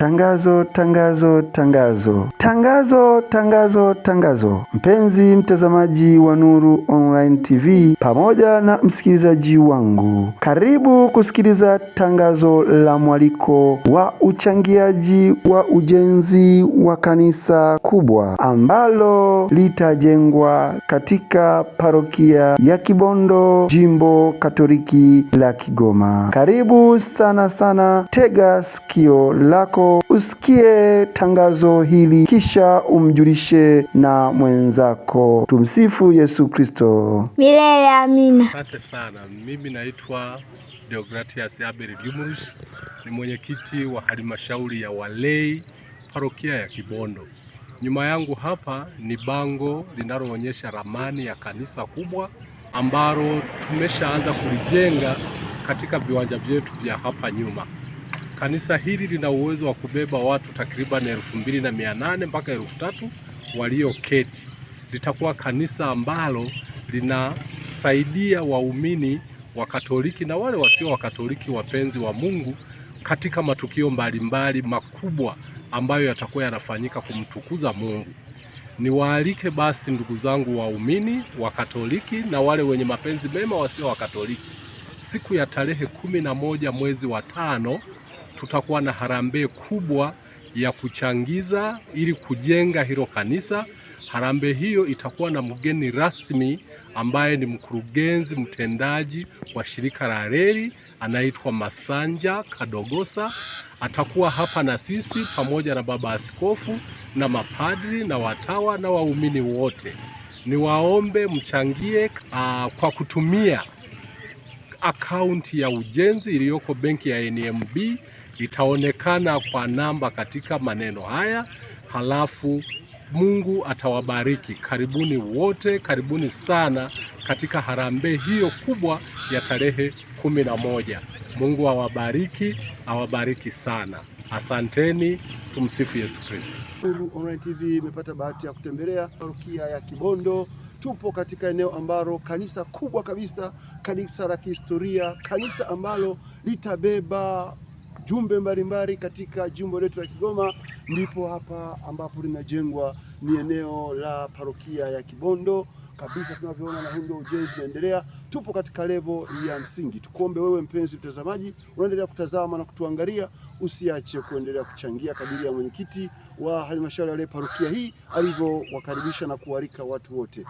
Tangazo, tangazo, tangazo, tangazo, tangazo, tangazo. Mpenzi mtazamaji wa Nuru Online TV pamoja na msikilizaji wangu, karibu kusikiliza tangazo la mwaliko wa uchangiaji wa ujenzi wa kanisa kubwa ambalo litajengwa katika parokia ya Kibondo, jimbo Katoliki la Kigoma. Karibu sana sana, tega sikio lako usikie tangazo hili, kisha umjulishe na mwenzako. Tumsifu Yesu Kristo milele. Amina. Asante sana. Mimi naitwa Deogratias Abel Dumrus, ni mwenyekiti wa halmashauri ya walei parokia ya Kibondo. Nyuma yangu hapa ni bango linaloonyesha ramani ya kanisa kubwa ambalo tumeshaanza kulijenga katika viwanja vyetu vya hapa nyuma. Kanisa hili lina uwezo wa kubeba watu takriban elfu mbili na mia nane mpaka elfu tatu walioketi. Litakuwa kanisa ambalo linasaidia waumini wa Katoliki na wale wasio wa Katoliki, wapenzi wa Mungu, katika matukio mbalimbali makubwa ambayo yatakuwa yanafanyika kumtukuza Mungu. Niwaalike basi ndugu zangu waumini wa Katoliki na wale wenye mapenzi mema wasio wa Katoliki, siku ya tarehe kumi na moja mwezi wa tano tutakuwa na harambee kubwa ya kuchangiza ili kujenga hilo kanisa. Harambee hiyo itakuwa na mgeni rasmi ambaye ni mkurugenzi mtendaji wa shirika la reli anaitwa Masanja Kadogosa. Atakuwa hapa na sisi pamoja na baba askofu na mapadri na watawa na waumini wote. Niwaombe mchangie aa, ah, kwa kutumia akaunti ya ujenzi iliyoko benki ya NMB itaonekana kwa namba katika maneno haya, halafu Mungu atawabariki. Karibuni wote, karibuni sana katika harambee hiyo kubwa ya tarehe kumi na moja. Mungu awabariki, awabariki sana. Asanteni, tumsifu Yesu Kristo. Nuru Online TV imepata bahati ya kutembelea parokia ya Kibondo. Tupo katika eneo ambalo kanisa kubwa kabisa, kanisa la kihistoria, kanisa ambalo litabeba jumbe mbalimbali katika jimbo letu la Kigoma. Ndipo hapa ambapo linajengwa, ni eneo la parokia ya Kibondo kabisa tunavyoona, na huu ndio ujenzi unaendelea. Tupo katika levo ya msingi. Tukuombe wewe mpenzi mtazamaji, unaendelea kutazama na kutuangalia, usiache kuendelea kuchangia kadiri ya mwenyekiti wa halmashauri ya parokia hii alivyowakaribisha na kualika watu wote.